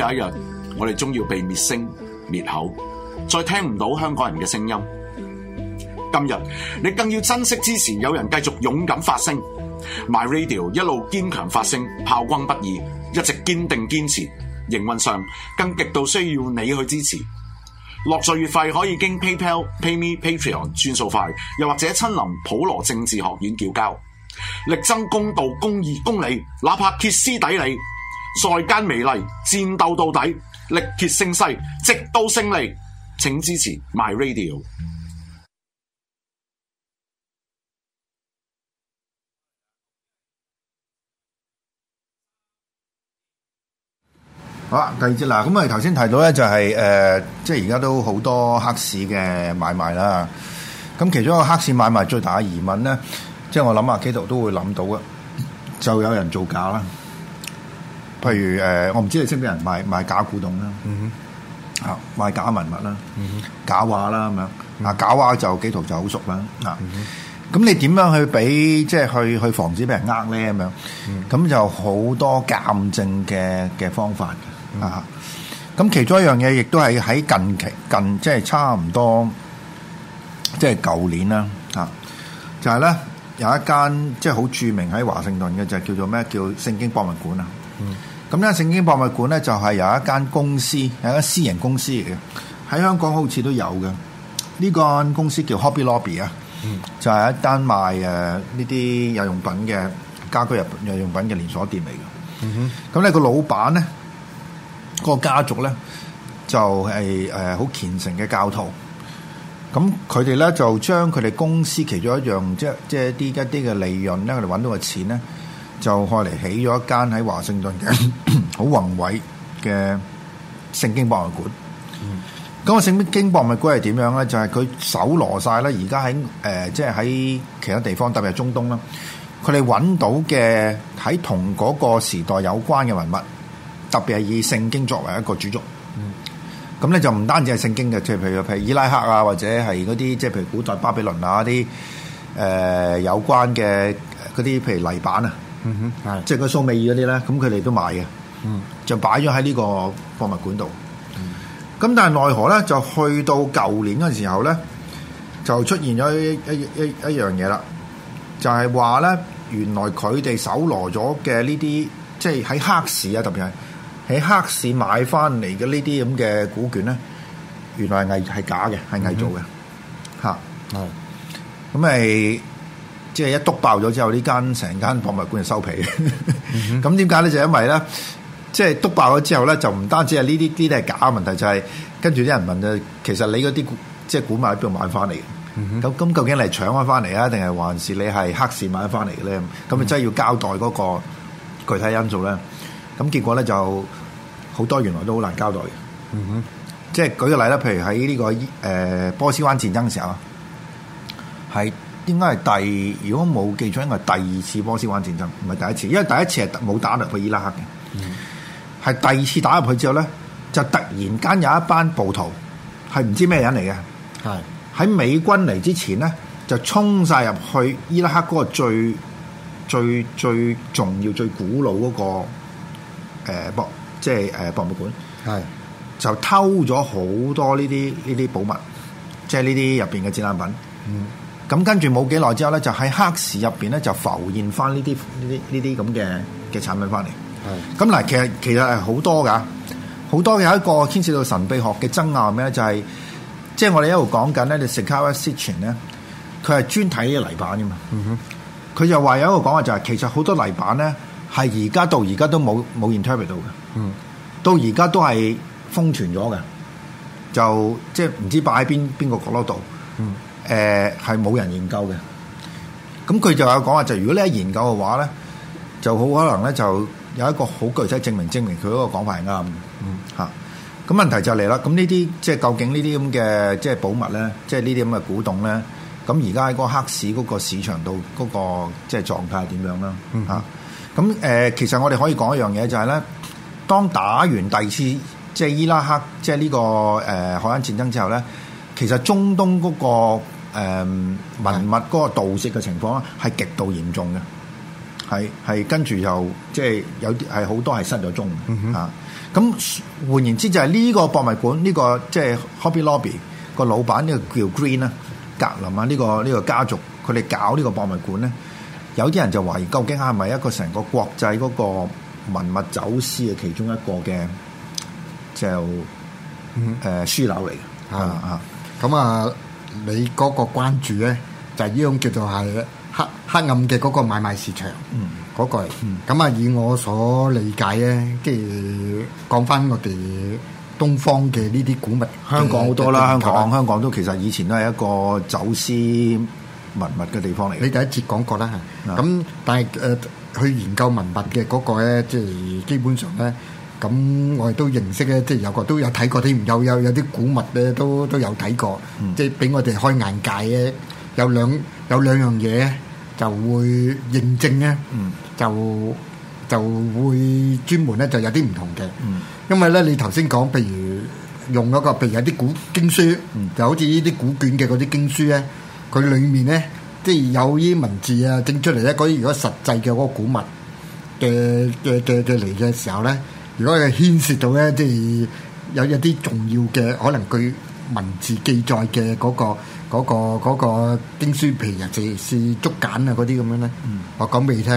有一日，我哋終要被滅聲滅口，再聽唔到香港人嘅聲音。今日你更要珍惜支持，有人繼續勇敢發聲，MyRadio 一路堅強發聲，炮轟不已，一直堅定堅持。營運上更極度需要你去支持，落數月費可以經 PayPal、PayMe、Patreon 轉數快，又或者親臨普羅政治學院繳交，力爭公道、公義、公理，公理哪怕歇斯底里。在艱美嚟，戰鬥到底，力竭勝勢，直到勝利，請支持 My Radio。好啦，第二節嗱，咁我哋頭先提到咧就係、是、誒、呃，即係而家都好多黑市嘅買賣啦。咁其中一個黑市買賣最大嘅疑問咧，即、就、係、是、我諗下，基道都會諗到啊，就有人造假啦。譬如誒，我唔知你識唔識人賣賣假古董啦，啊賣假文物啦，假畫啦咁樣。嗱假畫就紀陶就好熟啦。嗱，咁你點樣去俾即係去去防止俾人呃咧咁樣？咁就好多鑑證嘅嘅方法啊。咁其中一樣嘢，亦都係喺近期近即係差唔多，即係舊年啦啊。就係咧有一間即係好著名喺華盛頓嘅就叫做咩叫聖經博物館啊。咁咧，聖經博物館咧就係有一間公司，係一間私人公司嚟嘅，喺香港好似都有嘅。呢間公司叫 Hobby Lobby 啊、嗯，就係一間賣誒呢啲日用品嘅家居日日用品嘅連鎖店嚟嘅。咁咧、嗯、哼個老闆咧，個家族咧就係誒好虔誠嘅教徒。咁佢哋咧就將佢哋公司其中一樣即係即係一啲一啲嘅利潤咧，佢哋揾到嘅錢咧。就後嚟起咗一間喺華盛頓嘅好 宏偉嘅聖經博物館。咁、嗯、個聖經博物館係點樣咧？就係、是、佢搜羅晒咧，而家喺誒，即係喺其他地方，特別係中東啦，佢哋揾到嘅喺同嗰個時代有關嘅文物，特別係以聖經作為一個主軸。咁咧、嗯、就唔單止係聖經嘅，即係譬如譬如伊拉克啊，或者係嗰啲即係譬如古代巴比倫啊啲誒有關嘅嗰啲譬如泥板啊。嗯哼，係，即係個蘇美爾嗰啲咧，咁佢哋都買嘅，嗯，就擺咗喺呢個博物館度。咁、嗯、但係奈何咧，就去到舊年嘅時候咧，就出現咗一一一一樣嘢啦，就係話咧，原來佢哋搜羅咗嘅呢啲，即係喺黑市啊，特別係喺黑市買翻嚟嘅呢啲咁嘅古卷咧，原來係偽係假嘅，係偽造嘅，吓，哦，咁係。即係一督爆咗之後，呢間成間博物館就收皮嘅、嗯哼。咁點解咧？就是、因為咧，即係督爆咗之後咧，就唔單止係呢啲啲係假問題，就係、是、跟住啲人問啊，其實你嗰啲即係古物喺邊度買翻嚟嘅？咁咁、嗯、哼究竟你係搶翻翻嚟啊，定係還是你係黑市買翻嚟嘅咧？咁啊真係要交代嗰個具體因素咧。咁結果咧就好多原來都好難交代嘅。嗯、哼，即係舉個例啦，譬如喺呢、這個誒、呃、波斯灣戰爭嘅時候，喺是。應該係第，如果冇記錯，應該係第二次波斯灣戰爭，唔係第一次，因為第一次係冇打入去伊拉克嘅，係、嗯、第二次打入去之後咧，就突然間有一班暴徒係唔知咩人嚟嘅，係喺是美軍嚟之前咧，就衝晒入去伊拉克嗰個最最最重要、最古老嗰、那個、呃、博，即係誒、呃、博物館，係是就偷咗好多呢啲呢啲寶物，即係呢啲入邊嘅展覽品，嗯。咁跟住冇幾耐之後咧，就喺黑市入邊咧就浮現翻呢啲呢啲呢啲咁嘅嘅產品翻嚟。係是。咁嗱，其實其實係好多噶，好多有一個牽涉到神秘學嘅爭拗咩咧，就係即係我哋一路講緊咧，你 Sekawa Sitchin 咧，佢係專睇呢個泥板嘅嘛。嗯、哼。佢就話有一個講話就係、是、其實好多泥板咧係而家到而家都冇冇 interpret 到嘅。嗯。到而家都係封存咗嘅，就即係唔知擺喺邊邊個角落度。嗯。誒係冇人研究嘅，咁佢就有講話就如果你咧研究嘅話咧，就好可能咧就有一個好具體證明證明佢嗰個講法係啱嘅。嗯，嚇、啊，咁問題就嚟啦。咁呢啲即係究竟呢啲咁嘅即係寶物咧，即係呢啲咁嘅古董咧，咁而家喺個黑市嗰個市場度嗰個即係狀態點樣啦？嚇、嗯，咁誒、啊呃，其實我哋可以講一樣嘢就係、是、咧，當打完第二次即係伊拉克即係呢、這個誒海灣戰爭之後咧，其實中東嗰、那個誒、嗯，文物嗰個盜竊嘅情況咧，係極度嚴重嘅，係係跟住又即係、就是、有啲係好多係失咗蹤吓。咁換、嗯哼啊、言之，就係呢個博物館呢、這個即係 Hobby Lobby 個老闆呢個叫 Green 啦，格林啊呢、這個呢、這個家族，佢哋搞呢個博物館咧，有啲人就懷疑究竟係咪一個成個國際嗰個文物走私嘅其中一個嘅就誒樞紐嚟嘅啊啊，咁、嗯、啊。你嗰個關注咧，就係呢樣叫做係黑黑暗嘅嗰個買賣市場，嗰個。咁啊，以我所理解咧，即係講返我哋東方嘅呢啲古物，香港好多啦，香港香港都其實以前都係一個走私文物嘅地方嚟。你第一節講過啦，咁但係誒，去研究文物嘅嗰個咧，即係基本上咧。咁我哋都認識咧，即係有個都有睇過啲有有有啲古物咧，都都有睇過，即係俾我哋開眼界咧。有兩有兩樣嘢就會認證咧，就就會專門咧就有啲唔同嘅。因為咧，你頭先講，譬如用嗰個，譬如有啲古經書，就好似呢啲古卷嘅嗰啲經書咧，佢裡面咧即係有啲文字啊整出嚟咧。嗰啲如果實際嘅嗰個古物嘅嘅嘅嘅嚟嘅時候咧。如果佢牽涉到咧，即係有一啲重要嘅，可能佢文字記載嘅嗰個、嗰個、嗰個經書，譬如尤其係竹簡啊嗰啲咁樣咧，我講俾你聽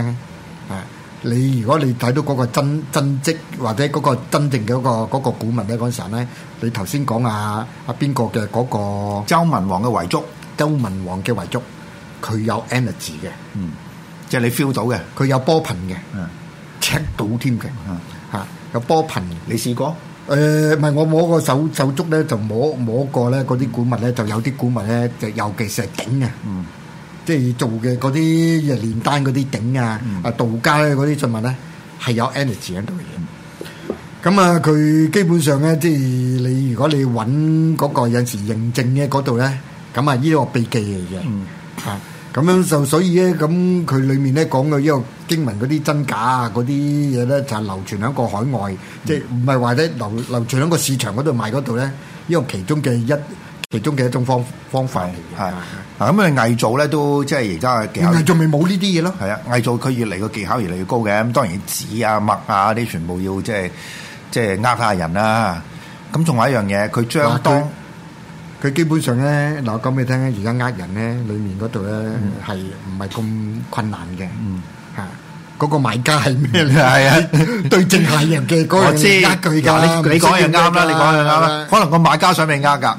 啊！你如果你睇到嗰個真真跡，或者嗰個真正嘅嗰個嗰個古文咧，嗰陣時咧，你頭先講啊啊邊個嘅嗰個周文王嘅遺蹟，周文王嘅遺蹟，佢有 energy 嘅，嗯，即係你 feel 到嘅，佢有波頻嘅，嗯，check 到添嘅。有波頻，你試過？誒，唔係我摸個手手足咧，就摸摸過咧。嗰啲古物咧，就有啲古物咧，就尤其是係鼎啊，即係做嘅嗰啲誒煉丹嗰啲鼎啊，啊道家咧嗰啲信物咧，係有 energy 喺度嘅。咁啊，佢基本上咧，即係你如果你揾嗰個有時認證嘅嗰度咧，咁啊，呢個秘技嚟嘅。咁樣就所以咧，咁佢裏面咧講嘅呢個經文嗰啲真假啊，嗰啲嘢咧就係、是、流傳喺個海外，即係唔係話咧流流傳喺個市場嗰度賣嗰度咧？呢個其中嘅一其中嘅一種方方法嚟嘅。係啊，咁啊偽造咧都即係而家嘅。技巧仲未冇呢啲嘢咯？係啊是，偽造佢越嚟個技巧越嚟越高嘅。咁當然紙啊、墨啊啲全部要、就是、即係即係呃下人啦、啊。咁仲有一樣嘢，佢將當。嗯佢基本上咧，嗱，我講俾你聽咧，而家呃人咧，裏面嗰度咧係唔係咁困難嘅？嚇，嗰個買家係咩啊？係啊，對症下藥嘅嗰樣呃佢㗎。你講又啱啦，你講又啱啦。可能個買家想你呃㗎。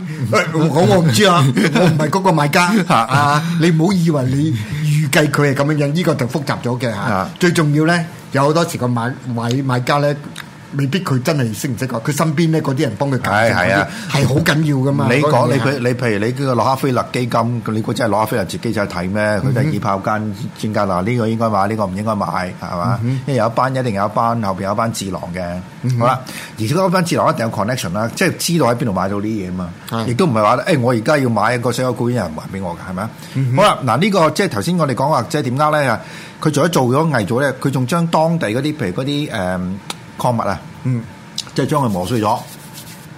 我我唔知啊，我唔係嗰個買家啊。你唔好以為你預計佢係咁樣樣，呢個就複雜咗嘅嚇。最重要咧，有好多時個買買買家咧。未必佢真係識唔識講，佢身邊咧嗰啲人幫佢解釋嗰啲係好緊要噶嘛。嗯、你講你譬如你嗰個洛克菲勒基金，你估真係洛克菲勒自己就睇咩？佢都係以炮間專家嗱，呢、這個應該買，呢、這個唔應該買，係嘛？嗯、哼因為有一班一定有一班後邊有一班智囊嘅，嗯、哼好啦。而且嗰班智囊一定有 connection 啦，即係知道喺邊度買到啲嘢嘛。亦都唔係話誒，我而家要買個石油股已經有人還俾我㗎，係咪？好啦，嗱呢個即係頭先我哋講話，即係點解咧佢做咗做咗偽造咧，佢仲將當地嗰啲，譬如嗰啲誒。礦物啊，嗯，即係將佢磨碎咗，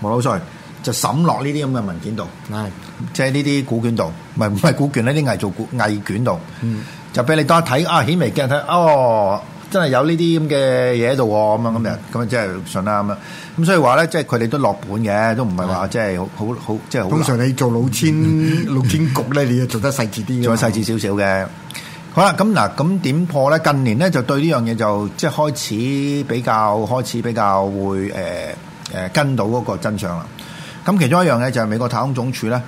磨到碎，就滲落呢啲咁嘅文件度，係，即係呢啲古卷度，唔係唔係古卷咧，啲偽造古偽卷度，嗯，就俾你當睇啊，顯微鏡睇，哦，真係有呢啲咁嘅嘢喺度，咁樣咁樣，咁啊即係順啦，咁啊，咁所以話咧，即係佢哋都落本嘅，都唔係話即係好好即係通常你做老千老千局咧，你要做得細緻啲，再細緻少少嘅。好啦，咁嗱，咁點破咧？近年咧就對呢樣嘢就即係開始比較開始比較會誒誒、呃呃、跟到嗰個真相啦。咁其中一樣嘢，就係、是、美國太空總署咧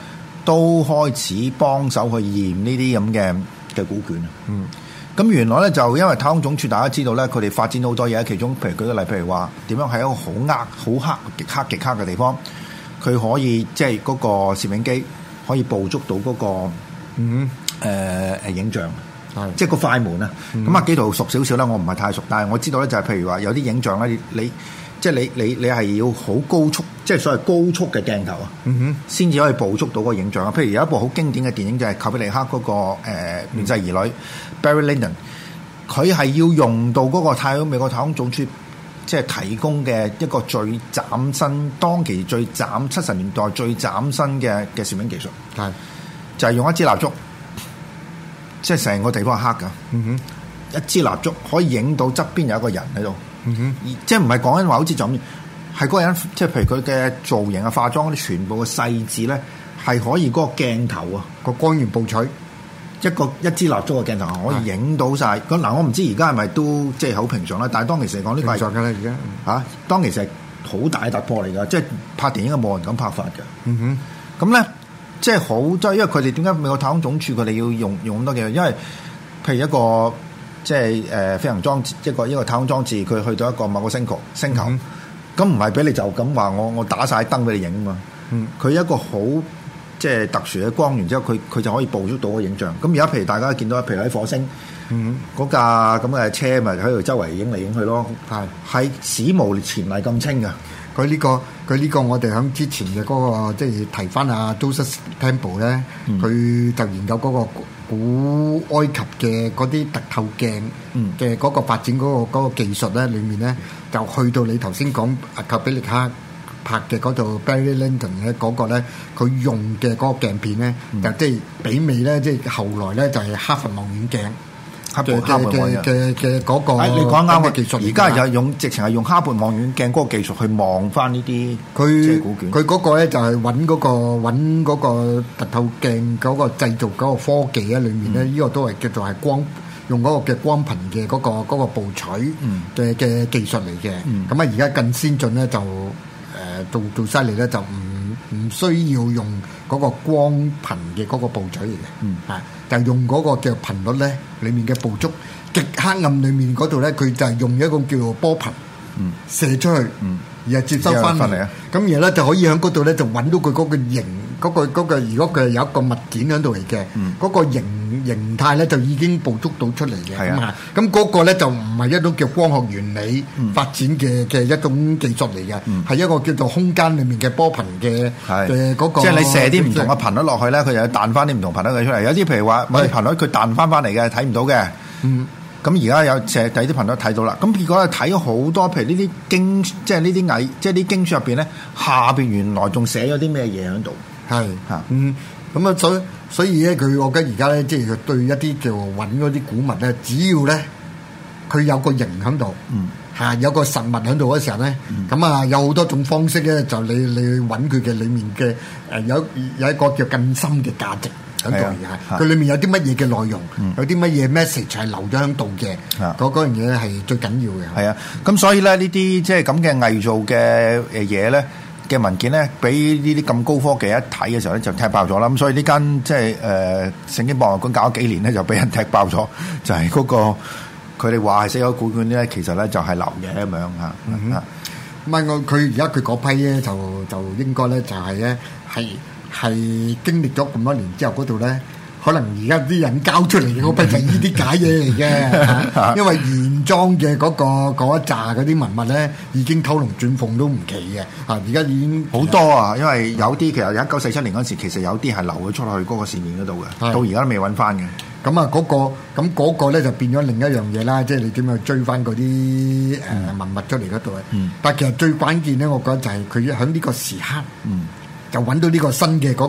都開始幫手去驗呢啲咁嘅嘅古卷。嗯，咁原來咧就因為太空總署大家知道咧，佢哋發展好多嘢，其中譬如舉個例，譬如話點樣喺一個好黑好黑極黑極黑嘅地方，佢可以即係嗰個攝影機可以捕捉到嗰、那個嗯誒誒、呃、影像。即係個快門啊！咁啊、嗯、幾度熟少少啦，我唔係太熟，但係我知道咧，就係譬如話有啲影像咧，你即係你你你係要好高速，即係所謂高速嘅鏡頭啊，嗯哼，先至可以捕捉到個影像啊。譬如有一部好經典嘅電影就係寇比力克嗰個面亂世兒女、嗯、Barry Lyndon，佢係要用到嗰個太空美國太空總署即係提供嘅一個最嶄新當期最嶄七十年代最嶄新嘅嘅攝影技術，係、嗯、就係用一支蠟燭。即係成個地方係黑噶，嗯、哼一支蠟燭可以影到側邊有一個人喺度，嗯、哼即係唔係講緊話，好似就咁，係嗰個人，即係譬如佢嘅造型啊、化妝啲，全部嘅細節細緻咧，係可以嗰個鏡頭啊，個光源布取，一個一支蠟燭嘅鏡頭可以影到晒。嗱、嗯哼，我唔知而家係咪都即係好平常啦，但係當其時講啲，唔係作噶啦，而家吓，當其時好大突破嚟噶，即係拍電影嘅無人咁拍法嘅，咁咧、嗯哼。嗯即係好，即係因為佢哋點解美國太空總署佢哋要用用咁多嘅？因為譬如一個即係誒、呃、飛行裝置，一個一個，一個太空裝置，佢去到一個某個星球、星球，咁唔係俾你就咁話我我打晒燈俾你影啊嘛。佢一個好即係特殊嘅光源，之後佢佢就可以捕捉到個影像。咁而家譬如大家見到，譬如喺火星，嗰、嗯、架咁嘅車咪喺度周圍影嚟影去咯。係，係史無前例咁清㗎。佢呢個佢呢個，這個、我哋響之前嘅嗰、那個即係提翻阿 Joseph Temple 咧，佢就研究嗰個古埃及嘅嗰啲凸透鏡嘅嗰個發展嗰、那個嗰個、嗯、技術咧，裏面咧就去到你頭先講阿卡比力克拍嘅嗰度 Barry Lyndon 咧嗰個咧，佢用嘅嗰個鏡片咧，就即係媲美咧，即係後來咧就係哈佛望遠鏡，鏡。哈勃望遠鏡嘅嘅嗰個，而家就係用直情係用哈勃望遠鏡嗰個技術去望翻呢啲。佢佢嗰個咧就係揾嗰個揾嗰個凸透鏡嗰個製造嗰個科技喺裏面咧，呢、嗯、個都係叫做係光用嗰個嘅光頻嘅嗰、嗰個嗰、嗰個步驟嘅嘅技術嚟嘅。咁啊，而家更先進咧就誒、呃、做做犀利咧，就唔唔需要用嗰個光頻嘅嗰個步驟嚟嘅。嗯，係。就用個個叫頻率咧，裏面嘅捕捉極黑暗裏面度咧，佢就係用一個叫做波頻射出去，嗯，然後接收翻嚟，啊，咁然後咧就可以響度咧就揾到佢個個形。嗰、那個如果佢有一個物件喺度嚟嘅，嗰、嗯、個形形態咧就已經捕捉到出嚟嘅。咁咁嗰個咧就唔係一種叫光學原理、嗯、發展嘅嘅一種技術嚟嘅，係、嗯、一個叫做空間裏面嘅波頻嘅誒嗰即係你射啲唔同嘅頻率落去咧，佢就是彈翻啲唔同頻率嘅出嚟。有啲譬如話唔係頻率，佢彈翻翻嚟嘅，睇唔到嘅。嗯，咁而家有射低啲頻率睇到啦。咁結果睇咗好多，譬如呢啲經，即係呢啲蟻，即係啲經書入邊咧，下邊原來仲寫咗啲咩嘢喺度。係，嗯，咁啊，所以所以咧，佢我覺得而家咧，即係對一啲叫揾嗰啲古物咧，只要咧佢有個形喺度，嚇有個實物喺度嘅時候咧，咁啊有好多種方式咧，就你你揾佢嘅裡面嘅誒有有一個叫更深嘅價值喺度嘅嚇，佢裏面有啲乜嘢嘅內容，有啲乜嘢 message 係留咗喺度嘅，嗰嗰樣嘢係最緊要嘅。係啊，咁所以咧呢啲即係咁嘅偽造嘅誒嘢咧。嘅文件咧，俾呢啲咁高科技一睇嘅時候咧，就踢爆咗啦。咁所以呢間即係誒聖經博物館搞咗幾年咧，就俾人踢爆咗，就係嗰個佢哋話係死海古卷咧，其實咧就係流嘅咁樣嚇。唔係我佢而家佢嗰批咧，就就應該咧就係咧，係係經歷咗咁多年之後嗰度咧。可能而家啲人交出嚟嘅嗰批就係呢啲假嘢嚟嘅， 因為原裝嘅嗰、那個嗰個嗰一紮嗰啲文物咧已經偷龍轉鳳都唔奇嘅。啊，而家已經好多啊，因為有啲其實一九四七年嗰時其實有啲係流咗出去嗰個市面嗰度嘅，是到而家都未揾翻嘅。咁啊、嗰個，嗰、嗰個咁嗰個咧就變咗另一樣嘢啦，即係你點樣追翻嗰啲誒文物出嚟嗰度啊？嗯、但其實最關鍵咧，我覺得就係佢喺呢個時刻。嗯就揾到呢個新嘅嗰、嗰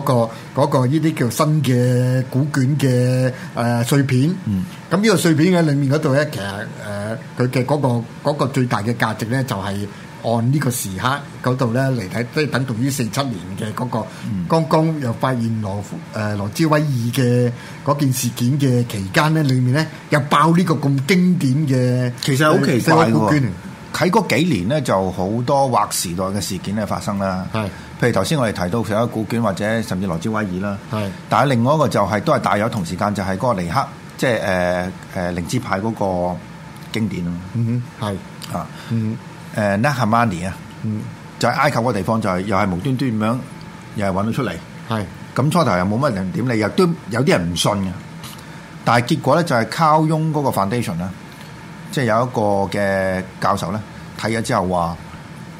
個嗰、嗰個依啲叫新嘅古卷嘅誒碎片。嗯。咁呢個碎片喺裏面嗰度咧，其實誒佢嘅嗰個最大嘅價值咧，就係按呢個時刻嗰度咧嚟睇，都、即係、等同於四七年嘅嗰、嗰個、嗯、剛剛又發現羅誒、呃、羅茲威爾嘅嗰件事件嘅期間咧，裏面咧又爆呢個咁經典嘅，其實好奇怪、呃、古卷。喺嗰幾年咧，就好多劃時代嘅事件咧發生啦。係是，譬如頭先我哋提到有個古卷或者甚至羅斯威爾啦。係是，但係另外一個就係、是、都係大有同時間就係嗰個尼克，即係誒誒靈知派嗰個經典咯。嗯哼，係啊。嗯哼，誒 Nag Hammadi 啊。嗯、哼就係埃及個地方、就是，就係又係無端端咁樣，又係揾到出嚟。係是。咁初頭又冇乜人點理，又都有啲人唔信嘅。但係結果咧，就係靠 Carl Jung 嗰個 foundation 啦。即係有一個嘅教授咧睇咗之後話，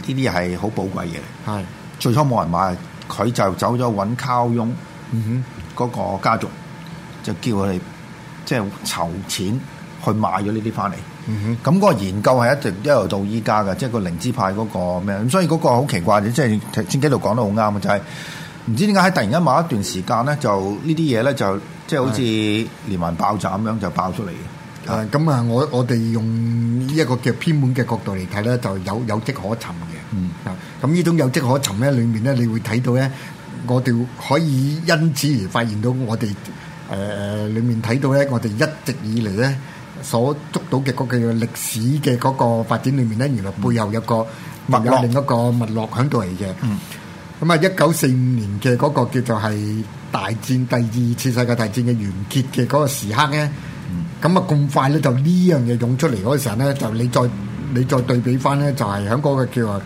呢啲係好寶貴嘢。係的最初冇人買，佢就走咗揾靠傭嗰個家族，就叫佢哋即係籌錢去買咗呢啲翻嚟。咁的個研究係一直一路到依家嘅，即係個靈芝派嗰個咩？所以嗰個好奇怪嘅，即係前幾度講得好啱就係、是、唔知點解喺突然間某一段時間咧，就呢啲嘢咧就即係好似連環爆炸咁樣就爆出嚟嘅。啊，咁啊，我我哋用呢一個嘅偏門嘅角度嚟睇咧，就有有跡可尋嘅。嗯。啊，咁呢種有跡可尋咧，裏面咧，你會睇到咧，我哋可以因此而發現到我哋誒誒裏面睇到咧，我哋一直以嚟咧所捉到嘅嗰個歷史嘅嗰個發展裏面咧，原來背後有個唔係有另一個脈絡喺度嚟嘅。嗯。咁啊，一九四五年嘅嗰個叫做係大戰第二次世界大戰嘅完結嘅嗰個時刻咧。咁啊，咁、嗯、快咧就呢樣嘢湧出嚟嗰陣咧，就你再你再對比翻咧，就係喺嗰個叫話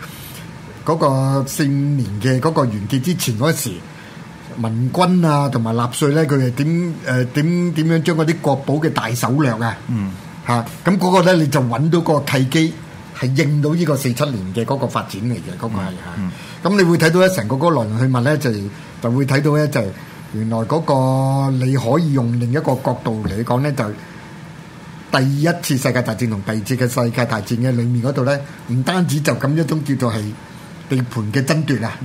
嗰、嗰個四五年嘅嗰個完結之前嗰時，民軍啊同埋納粹咧，佢係點誒點點樣將嗰啲國寶嘅大手略啊？嗯，吓咁嗰個咧，你就揾到個契機，係應到呢個四七年嘅嗰個發展嚟嘅，嗰、嗰個係吓。咁、嗯嗯啊、你會睇到一成個嗰個來龍去脈咧，就就會睇到咧就是。原來嗰個你可以用另一個角度嚟講咧，就第一次世界大戰同第二次嘅世界大戰嘅裏面嗰度咧，唔單止就咁一種叫做係地盤嘅爭奪啊，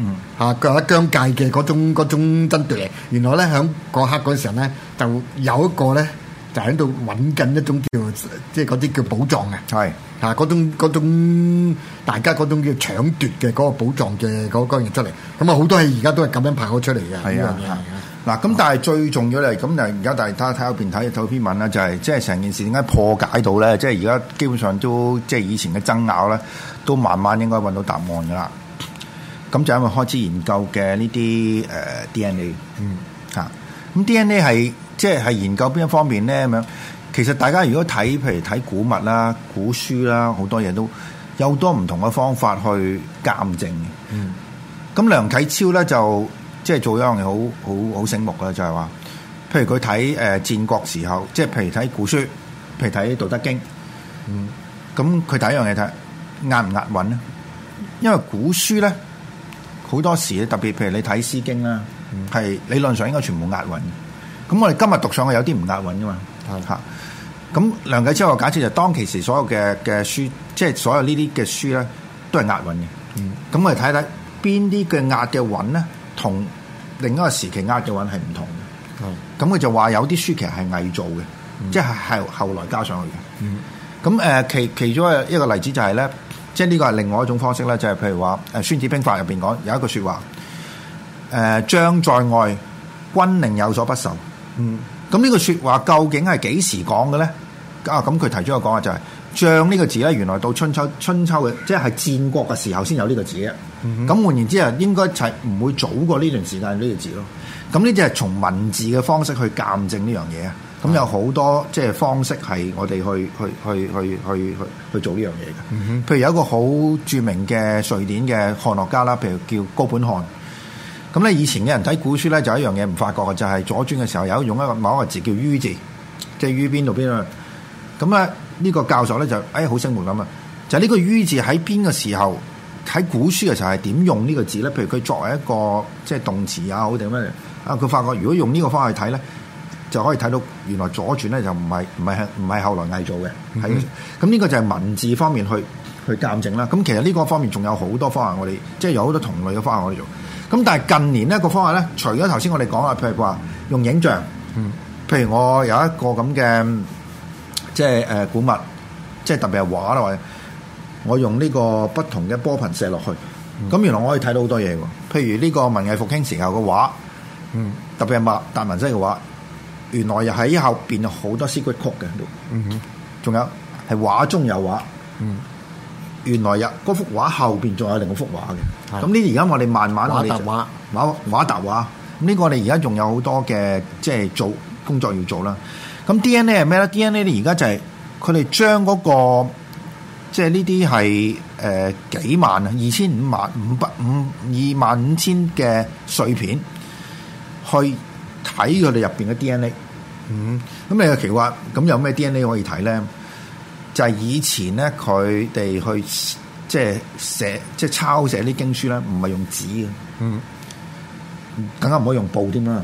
嚇，有一疆界嘅嗰種嗰種爭奪。原來咧喺嗰刻嗰陣時咧，就有一個咧就喺度揾緊一種叫即係嗰啲叫寶藏嘅，嚇嗰種嗰種大家嗰種叫搶奪嘅嗰個寶藏嘅嗰嗰樣出嚟。咁啊，好多係而家都係咁樣拍咗出嚟嘅。嗱咁，但係最重要咧，咁就而家大家睇下邊睇睇篇文啦，就係即係成件事點解破解到咧？即係而家基本上都即係以前嘅爭拗咧，都慢慢應該揾到答案噶啦。咁就係因為開始研究嘅呢啲誒 DNA，嗯，吓，咁 DNA 係即係研究邊一方面咧咁樣？其實大家如果睇譬如睇古物啦、古書啦，好多嘢都有多唔同嘅方法去鑑證。嗯，咁梁啟超咧就。即係做一樣嘢好好好醒目㗎啦，就係話，譬如佢睇誒戰國時候，即係譬如睇古書，譬如睇《道德經》，嗯，咁佢睇一樣嘢睇押唔押韻咧？因為古書咧好多時，特別譬如你睇《詩經》啦、嗯，係理論上應該全部押韻。咁我哋今日讀上去有啲唔押韻㗎嘛？係嚇。咁梁啟超後，假設就當其時所有嘅嘅書，即係所有呢啲嘅書咧，都係押韻嘅。嗯。咁我哋睇睇邊啲嘅押嘅韻咧？同另一個時期壓嘅話係唔同嘅，咁佢是就話有啲書其實係偽造嘅，mm hmm. 即係係後來加上去嘅。咁誒、mm hmm. 其其中一個例子就係、是、咧，即係呢個係另外一種方式咧，就係、是、譬如話《誒孫子兵法》入邊講有一句説話，誒、呃、將在外，君令有所不受。嗯、mm，咁、hmm. 呢個説話究竟係幾時講嘅咧？啊，咁佢提出嘅講法就係、是。“將”呢個字咧，原來到春秋春秋嘅，即係戰國嘅時候先有呢個字啊。咁換言之啊，應該就係唔會早過呢段時間呢個字咯。咁呢啲係從文字嘅方式去鑑證呢樣嘢啊。咁有好多即係方式係我哋去去去去去去去做呢樣嘢嘅。譬如有一個好著名嘅瑞典嘅漢學家啦，譬如叫高本漢。咁咧，以前嘅人睇古書咧，就有一樣嘢唔發覺嘅就係左轉嘅時候有用一個某一個字叫於字，即係於邊度邊度。咁啊！呢個教授咧就，哎，好醒目啊嘛！就呢、是、個於字喺邊個時候喺古書嘅時候係點用呢個字咧？譬如佢作為一個即係動詞啊，好定咩？啊？佢發覺如果用呢個方向去睇咧，就可以睇到原來左傳咧就唔係唔係唔係後來偽造嘅。咁呢、嗯、個就係文字方面去去鑑證啦。咁其實呢個方面仲有好多方向，我哋即係有好多同類嘅方向我哋做。咁但係近年咧個方向咧，除咗頭先我哋講啊，譬如話用影像，譬如我有一個咁嘅。即係誒，古物，即係特別係畫咯，或者我用呢個不同嘅波頻射落去，咁、嗯、原來我可以睇到好多嘢。譬如呢個文藝復興時候嘅畫，嗯、特別係達文西嘅畫，原來又喺後邊有好多 secret code 嘅喺度、嗯哼。仲有係畫中有畫，嗯、原來又嗰幅畫後邊仲有另一幅畫嘅。咁呢而家我哋慢慢畫畫我哋畫達畫，畫畫畫。呢個我哋而家仲有好多嘅即係做工作要做啦。咁 DNA 係咩咧？DNA 咧而家就係佢哋將嗰個即係呢啲係誒幾萬啊，二千五萬五百五二萬五千嘅碎片去睇佢哋入邊嘅 DNA。嗯，咁你又奇怪，咁有咩 DNA 可以睇咧？就係以前咧，佢哋去即係寫即係抄寫啲經書咧，唔係用紙嘅。嗯。更加唔可以用布添啦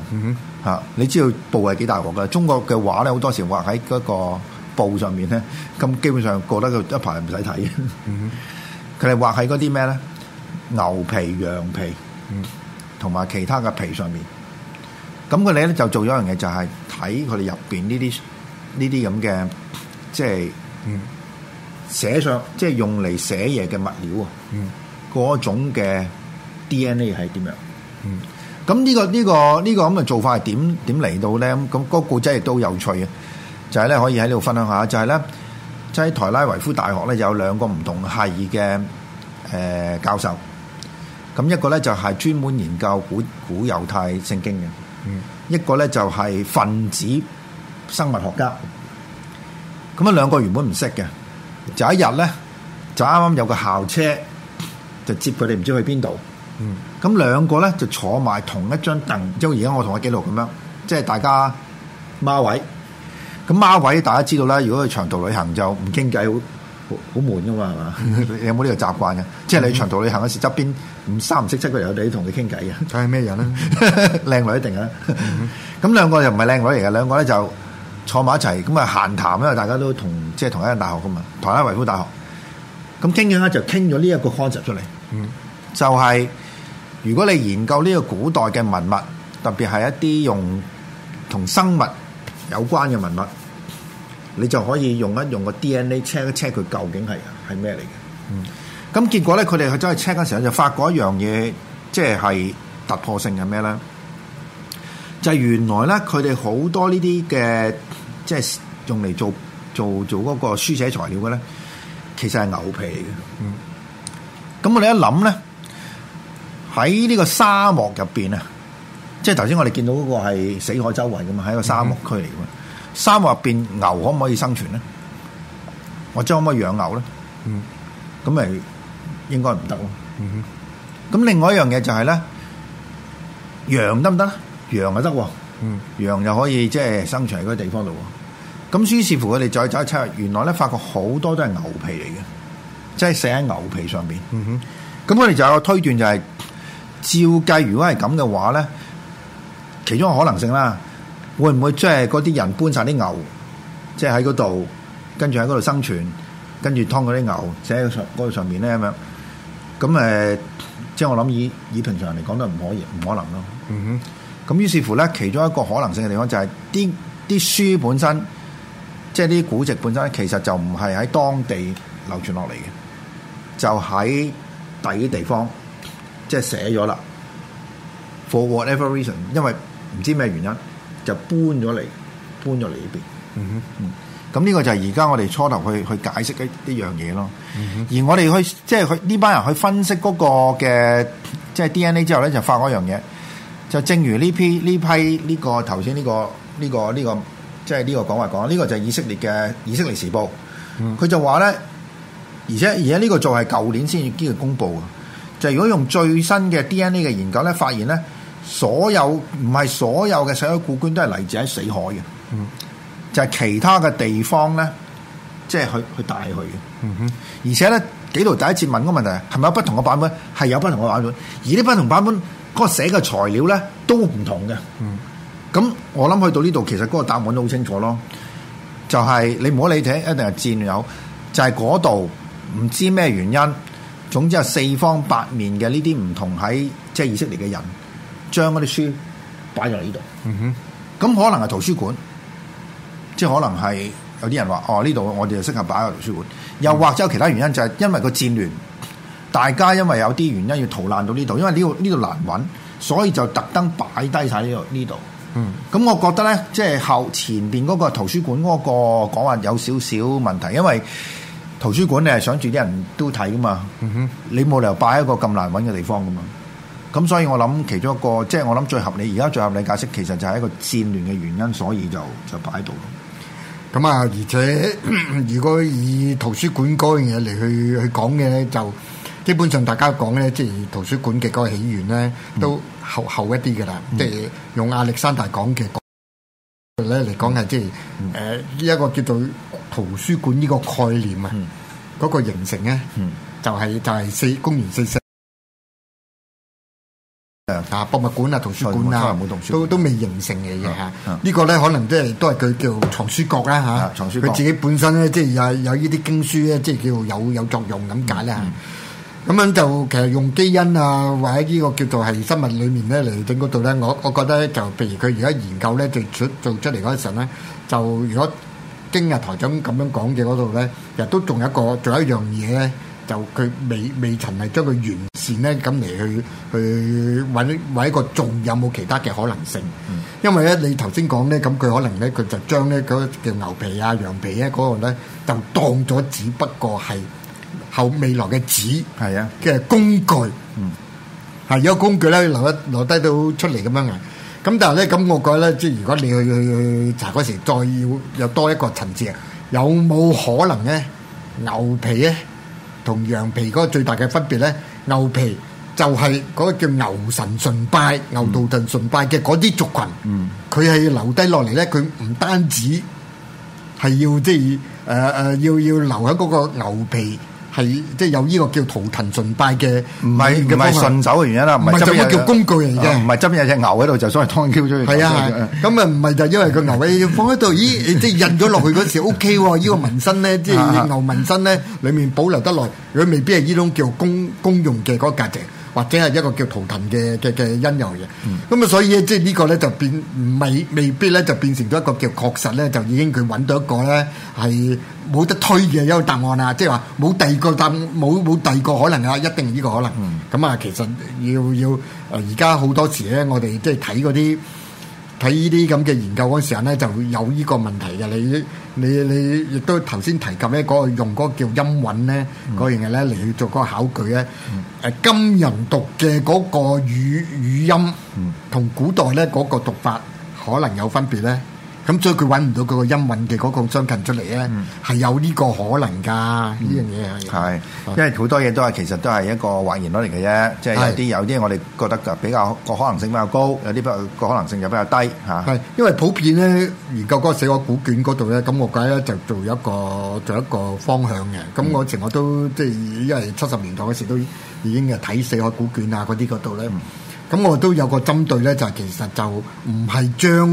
嚇！你知道布係幾大鑊噶？中國嘅畫咧，好多時畫喺嗰個布上面咧，咁基本上過得佢一排唔使睇。嗯哼，佢哋畫喺嗰啲咩咧？牛皮、羊皮，嗯，同埋其他嘅皮上面。咁佢哋咧就做咗樣嘢，就係睇佢哋入邊呢啲呢啲咁嘅，即係嗯寫上，即係用嚟寫嘢嘅物料啊。嗯，嗰種嘅 DNA 係點樣？嗯。咁呢個呢個呢個咁嘅做法係點點嚟到咧？咁嗰個故仔亦都有趣嘅，就係咧可以喺呢度分享下，就係咧，即係喺台拉維夫大學咧有兩個唔同系嘅誒教授，咁一個咧就係專門研究古古猶太聖經嘅，嗯，一個咧就係分子生物學家，咁啊兩個原本唔識嘅，就一日咧就啱啱有個校車就接佢哋唔知去邊度，嗯。咁兩個咧就坐埋同一張凳，即係而家我同我記錄咁樣，即係大家孖位。咁孖位大家知道啦，如果去長途旅行就唔傾偈，好好悶噶嘛，係嘛？ 你有冇呢個習慣嘅？即係你長途旅行嗰時側邊唔三唔識七個人地同你傾偈嘅，睇咩樣啦？ 靚女一定啦。咁 兩個又唔係靚女嚟嘅，兩個咧就坐埋一齊咁，啊閒談，因為大家都同即係同一間大學噶嘛，台灣維護大學。咁傾緊咧就傾咗呢一個 concept 出嚟、 就是，就係、是。如果你研究呢個古代嘅文物，特別係一啲用同生物有關嘅文物，你就可以用一用個 DNA check 一 check 佢究竟係係咩嚟嘅。嗯，咁結果咧，佢哋去走去 check 嘅時候就覺，就發覺一樣嘢，即係突破性嘅咩咧？就係，原來咧，佢哋好多呢啲嘅，即、就、係、是，用嚟做做做嗰個書寫材料嘅咧，其實係牛皮嘅。嗯，咁我哋一諗咧。喺呢個沙漠入邊啊，即係頭先我哋見到嗰個係死海周圍噶嘛，喺個沙漠區嚟噶嘛。Mm hmm. 沙漠入邊牛可唔可以生存咧？我真可唔可以養牛咧？嗯、mm，咁、hmm. 咪應該唔得咯。嗯咁、mm hmm. 另外一樣嘢就係、是、咧，羊得唔得？羊啊得喎。羊又可，可以、mm hmm. 就可以即係生存喺嗰個地方度。咁於是乎，佢哋再走一七原來咧發覺好多都係牛皮嚟嘅，即係寫喺牛皮上邊。嗯哼、mm，咁佢哋就有個推斷就係、是。照計，如果係咁嘅話咧，其中一個可能性啦，會唔會即係嗰啲人搬晒啲牛，即係喺嗰度，跟住喺嗰度生存，跟住劏嗰啲牛，寫喺上嗰度上面咧咁樣，咁誒，即係我諗以以平常人嚟講都唔可以，唔可能咯。嗯哼，咁於是乎咧，其中一個可能性嘅地方就係啲啲書本身，即係啲古籍本身，其實就唔係喺當地流傳落嚟嘅，就喺第啲地方。即係寫咗啦，for whatever reason，因為唔知咩原因就搬咗嚟，搬咗嚟呢邊。咁呢、mm hmm. 嗯，這個就係而家我哋初頭去去解釋一一樣嘢咯。Mm hmm. 而我哋去即係去呢班人去分析嗰個嘅即係 DNA 之後咧，就發嗰樣嘢。就正如呢批呢批呢、這個頭先呢個呢、這個呢、這個即係呢個講話講，呢、這個這個這個這個就係以色列嘅以色列時報。佢、mm hmm. 就話咧，而且而且呢個做係舊年先至經公布嘅。就係如果用最新嘅 DNA 嘅研究咧，發現咧，所有唔係所有嘅死海古卷都係嚟自喺死海嘅，就係其他嘅地方咧，即係去去帶去嘅。嗯哼，而且咧紀陶第一次問個問題係咪有不同嘅版本？係有不同嘅版本，而呢不同版本嗰、那個、寫嘅材料咧都唔同嘅。嗯，咁我諗去到呢度，其實嗰個答案都好清楚咯。就係、是、你唔好理睇，一定係戰友，就係嗰度唔知咩原因。總之係四方八面嘅呢啲唔同喺即係以色列嘅人，將嗰啲書擺咗嚟呢度。嗯哼，咁可能係圖書館，即係可能係有啲人話：哦，呢度我哋就適合擺喺圖書館。又或者有其他原因，就係因為個戰亂，大家因為有啲原因要逃難到呢度，因為呢度呢度難揾，所以就特登擺低晒呢度呢度。嗯，咁我覺得咧，即係後前邊嗰個圖書館嗰個講話有少少問題，因為。圖書館你係想住啲人都睇噶嘛，你冇理由擺喺一個咁難揾嘅地方噶嘛？咁所以我諗其中一個，即係我諗最合理，而家最合理解釋其實就係一個戰亂嘅原因，所以就就擺喺度。咁啊，而且如果以圖書館嗰樣嘢嚟去去講嘅咧，就基本上大家講咧，即係圖書館嘅嗰個起源咧，都後後一啲噶啦。即係用亞歷山大講嘅咧嚟講係即係誒呢一個叫做。圖書館呢個概念啊，嗰、嗯、個形成咧、嗯就是，就係就係四公元四世，啊，博物館啊、圖書館啊，以都都未形成嚟嘅嘢吓。嗯嗯、個呢個咧可能即係都係佢叫藏書閣啦吓。藏書閣佢自己本身咧，即、就、係、是、有有呢啲經書咧，即係叫有有作用咁解啦。咁、嗯、樣就其實用基因啊，或者呢個叫做係生物裏面咧嚟整嗰度咧，我我覺得就譬如佢而家研究咧，就出做出嚟嗰陣咧，就如果經日台長咁樣講嘅嗰度咧，亦都仲有一個，仲有一樣嘢咧，就佢未未曾係將佢完善咧咁嚟去去揾揾一個仲有冇其他嘅可能性？因為咧你頭先講咧，咁佢可能咧佢就將咧嗰隻牛皮啊羊皮咧嗰個咧就當咗，只不過係後未來嘅紙，係啊嘅工具，係有個工具咧留一留低到出嚟咁樣啊！咁但係咧，咁我覺得即係如果你去去查嗰時，再要有多一個層次，有冇可能咧？牛皮咧，同羊皮嗰個最大嘅分別咧，牛皮就係嗰個叫牛神崇拜、牛道同崇拜嘅嗰啲族群，佢係留低落嚟咧，佢唔單止係要即係誒誒，要要留喺嗰個牛皮。係即係有呢個叫圖騰崇拜嘅，唔係唔係順手嘅原因啦，唔係就乜叫工具嚟啫？唔係側邊有隻牛喺度，就所謂當 Q 出去。係啊，咁啊唔係就因為個牛咧 放喺度，咦？即係印咗落去嗰時 O K 喎，依、okay 哦呢個紋身咧，即係牛紋身咧，裡面保留得落，佢未必係呢種叫公公用嘅嗰個價值。或者係一個叫圖騰嘅嘅嘅因由嘅，咁啊、嗯、所以咧，即係呢個咧就變未未必咧就變成咗一個叫確實咧，就已經佢揾到一個咧係冇得推嘅一個答案啊！即係話冇第二個答冇冇第二個可能啊！一定呢個可能，咁啊、嗯、其實要要誒而家好多時咧，我哋即係睇嗰啲睇呢啲咁嘅研究嗰時候咧，就會有呢個問題嘅你。你你亦都頭先提及咧，嗰個用嗰個叫音韻咧，嗰樣嘢咧嚟去做個考據咧，誒今、嗯、人讀嘅嗰個語語音，同古代咧嗰個讀法可能有分別咧。咁所以佢揾唔到佢個音韻嘅嗰個相近出嚟咧，係、嗯、有呢個可能㗎，呢、嗯、樣嘢係。係是，是因為好多嘢都係其實都係一個還原咯嚟嘅啫，即、就、係、是、有啲是有啲我哋覺得嘅比較個可能性比較高，有啲不個可能性就比較低嚇。係，因為普遍咧研究嗰個死海古卷嗰度咧，咁我覺得就做一個做一個方向嘅。咁我以前我都即係因為七十年代嗰時都已經係睇死海古卷啊嗰啲嗰度咧。嗯咁我都有個針對咧，就係、其實就唔係將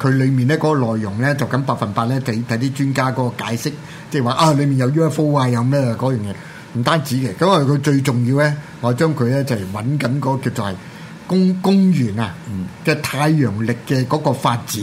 佢裡面咧嗰個內容咧，就咁百分百咧睇睇啲專家嗰個解釋，即係話啊，裡面有 UFO 啊，有咩嗰樣嘢，唔單止嘅。咁啊，佢最重要咧，我將佢咧就係揾緊嗰個叫做係公公園啊嘅太陽力嘅嗰個發展，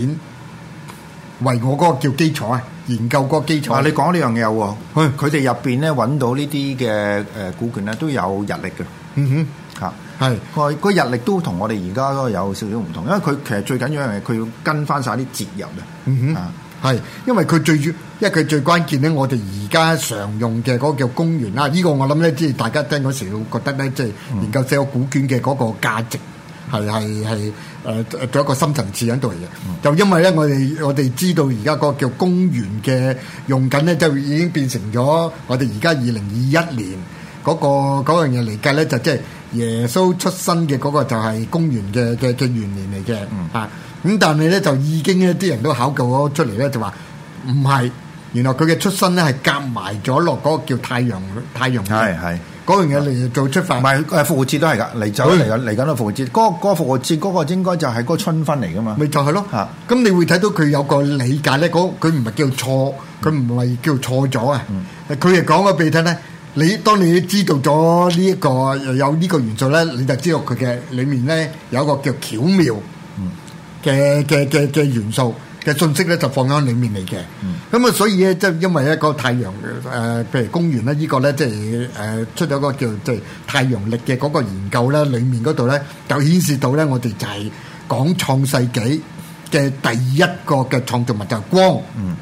為我嗰個叫基礎啊，研究嗰個基礎。啊，你講呢樣嘢有佢哋入邊咧揾到呢啲嘅誒古卷咧都有日曆嘅。嗯哼，嚇。係，個是日曆都同我哋而家都有少少唔同，因為佢其實最緊要係佢要跟翻晒啲節日嘅、嗯，啊，係，因為佢最主，因為佢最關鍵咧，我哋而家常用嘅嗰個叫公元啦，呢個我諗咧，即係大家聽嗰時會覺得咧，即、就、係、是、研究社個古卷嘅嗰個價值，係係係誒做一個深層次喺度嚟嘅，嗯、就因為咧，我哋我哋知道而家嗰個叫公元嘅用緊咧，就已經變成咗我哋而家二零二一年。嗰、那個嗰樣嘢嚟計咧，就即、是、係耶穌出生嘅嗰個就係公元嘅嘅嘅元年嚟嘅，嚇咁、嗯、但係咧就已經一啲人都考究咗出嚟咧，就話唔係，原來佢嘅出生咧係夾埋咗落嗰個叫太陽太陽嘅，係係嗰樣嘢嚟做出發，唔係誒復活節都係噶嚟走嚟緊嚟緊個復活節，嗰、那、嗰個復活、那個、節嗰個應該就係嗰個春分嚟噶嘛，咪就係咯，嚇咁你會睇到佢有個理解咧，佢唔係叫錯，佢唔係叫錯咗啊，佢係講俾你聽咧。你當你知道咗呢一個有呢個元素咧，你就知道佢嘅裏面咧有一個叫巧妙嘅嘅嘅嘅元素嘅信息咧，就放喺裏面嚟嘅。咁啊，所以咧，即係因為個一個太陽誒，譬如公園咧，呢個咧，即係誒出咗個叫即係太陽力嘅嗰個研究咧，裏面嗰度咧就顯示到咧，我哋就係講創世紀嘅第一個嘅創造物就係光。嗯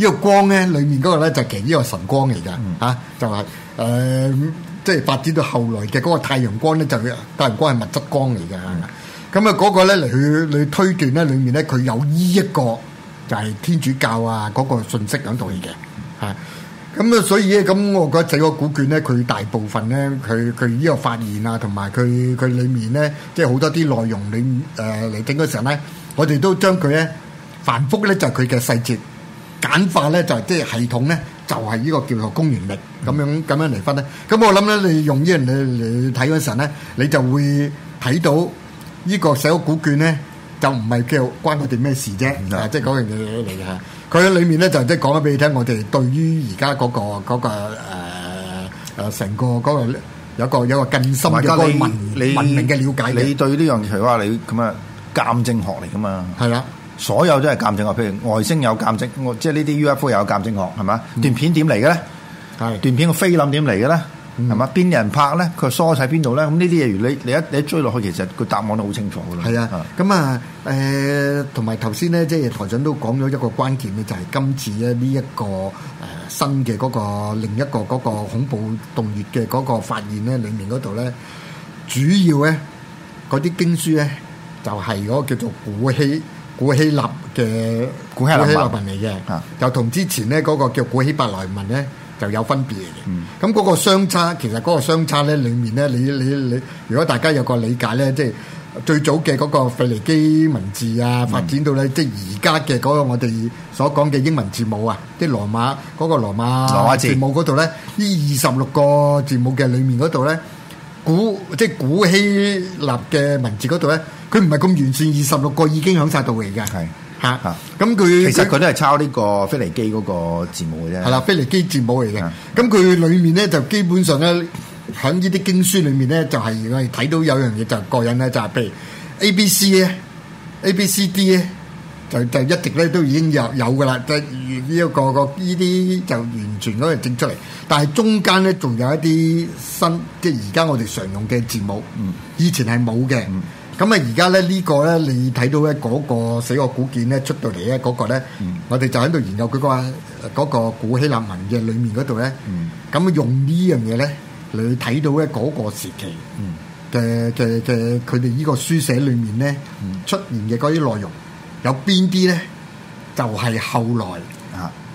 呢個光咧，裏面嗰個咧就其實呢個神光嚟㗎吓，就係誒，即係發展到後來嘅嗰個太陽光咧，就太陽光係物質光嚟嘅。咁啊，嗰個咧嚟去嚟推斷咧，裏面咧佢有依一個就係天主教啊嗰個信息喺度嚟嘅。吓，咁啊，所以咧，咁我覺得整個古卷咧，佢大部分咧，佢佢呢個發現啊，同埋佢佢裏面咧，即係好多啲內容你誒嚟整嘅時候咧，我哋都將佢咧繁複咧就係佢嘅細節。簡化咧就係即係系統咧，就係依個叫做公營力咁樣咁樣嚟分咧。咁我諗咧，你用依樣你你睇嗰陣咧，你就會睇到依個死海古卷咧，就唔係叫關我哋咩事啫。啊，即係嗰樣嘢嚟嘅。佢喺裡面咧就即係講咗俾你聽，我哋對於而家嗰個嗰個誒誒成個嗰個有一個有一個更深嘅文文明嘅瞭解。你對呢樣嘢，譬如話你咁啊鑑證學嚟噶嘛？係啊。所有都係鑑證學，譬如外星有鑑證，我即係呢啲 UFO 有鑑證學，係嘛？段片點嚟嘅咧？係段片個菲林點嚟嘅咧？係嘛？邊人拍咧？佢疏曬邊度咧？咁呢啲嘢，如果你你一你一追落去，其實個答案都好清楚㗎啦。係啊，咁啊，誒，同埋頭先咧，即係台長都講咗一個關鍵嘅，就係今次咧呢一個誒新嘅嗰個另一個嗰個恐怖洞穴嘅嗰個發現咧，裡面嗰度咧主要咧嗰啲經書咧就係嗰個叫做古希古希臘嘅古希古希臘文嚟嘅，就同之前咧嗰個叫古希伯來文咧就有分別嘅。咁嗰個相差其實嗰個相差咧裏面咧，你你你，如果大家有個理解咧，即係最早嘅嗰個腓尼基文字啊，發展到咧即係而家嘅嗰個我哋所講嘅英文字母啊，即係羅馬嗰個羅馬羅馬字母嗰度咧，呢二十六個字母嘅裏面嗰度咧，古即係古希臘嘅文字嗰度咧。佢唔係咁完善，二十六個已經響晒度嚟嘅。係嚇是，咁佢、啊、其實佢都係抄呢、這個菲尼基嗰個字母嘅啫。係啦的，菲尼基字母嚟嘅。咁佢裏面咧就基本上咧，喺呢啲經書裏面咧就係、是、我哋睇到有樣嘢就過癮咧，就係、是、譬、就是、如 A B C 咧、A B C D 咧，就就一直咧都已經有有噶啦。即係呢一個、這個呢啲、這個這個、就完全攞嚟整出嚟，但係中間咧仲有一啲新即係而家我哋常用嘅字母，嗯、以前係冇嘅。嗯咁啊，而家咧呢個咧，你睇到咧嗰個死海古卷咧出到嚟咧，嗰個咧，我哋就喺度研究佢個嗰個古希臘文嘅裏面嗰度咧。咁啊、嗯，用呢樣嘢咧，你睇到咧嗰個時期嘅嘅嘅佢哋呢個書寫裡面咧、嗯、出現嘅嗰啲內容有邊啲咧？就係、是、後來啊。嗯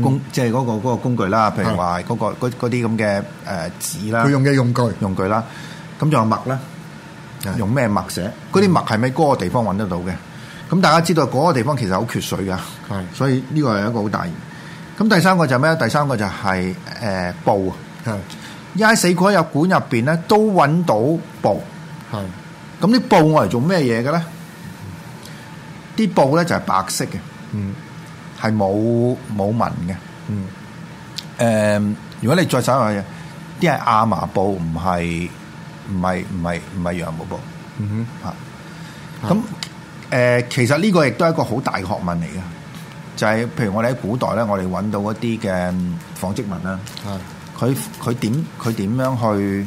工即係嗰個、那個工具啦，譬如話嗰、那個啲咁嘅誒紙啦，佢、那個那個那個呃、用嘅用具，用具啦，咁仲有墨啦，是用咩墨寫？嗰啲墨係咪嗰個地方揾得到嘅？咁大家知道嗰個地方其實好缺水㗎，係是，所以呢個係一個好大。咁第三個就咩？第三個就係、是、誒、呃、布啊，喺是四塊入館入邊咧都揾到布，係是。咁啲布我嚟做咩嘢嘅咧？啲布咧就係白色嘅，嗯。嗯嗯嗯嗯係冇冇紋嘅，文嗯，誒、呃，如果你再睇下去，啲係亞麻布，唔係唔係唔係唔係羊毛布，嗯、哼，吓是，咁誒、嗯，其實呢個亦都係一個好大嘅學問嚟嘅，就係、是、譬如我哋喺古代咧，我哋揾到一啲嘅紡織紋啦，係是，佢佢點佢點樣去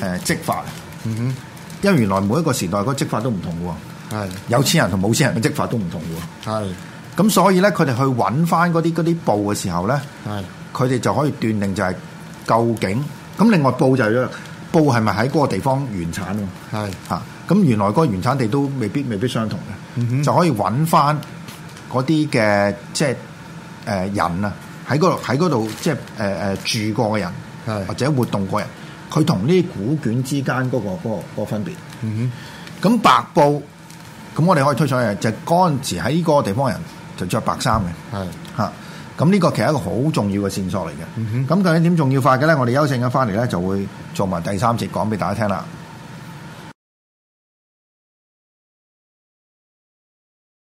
誒織、呃、法，嗯哼，因為原來每一個時代嗰織法都唔同嘅，係是，有錢人同冇錢人嘅織法都唔同嘅，係。咁所以咧，佢哋去揾翻嗰啲啲布嘅時候咧，佢哋的就可以斷定就係究竟。咁另外布就係、是，布係咪喺嗰個地方原產的啊？係嚇咁原來嗰個原產地都未必未必相同嘅，嗯、哼就可以揾翻嗰啲嘅即係誒人啊，喺嗰喺嗰度即係誒誒住過嘅人，的或者活動過人，佢同呢啲古卷之間嗰、那個嗰、那個那個、分別。嗯、哼。咁白布，咁我哋可以推想嘅就係嗰陣時喺嗰個地方嘅人。就着白衫嘅，係吓的，咁呢、嗯這個其實一個好重要嘅線索嚟嘅。咁、嗯、哼究竟點重要法嘅咧？我哋休息緊翻嚟咧，就會做埋第三節講俾大家聽啦。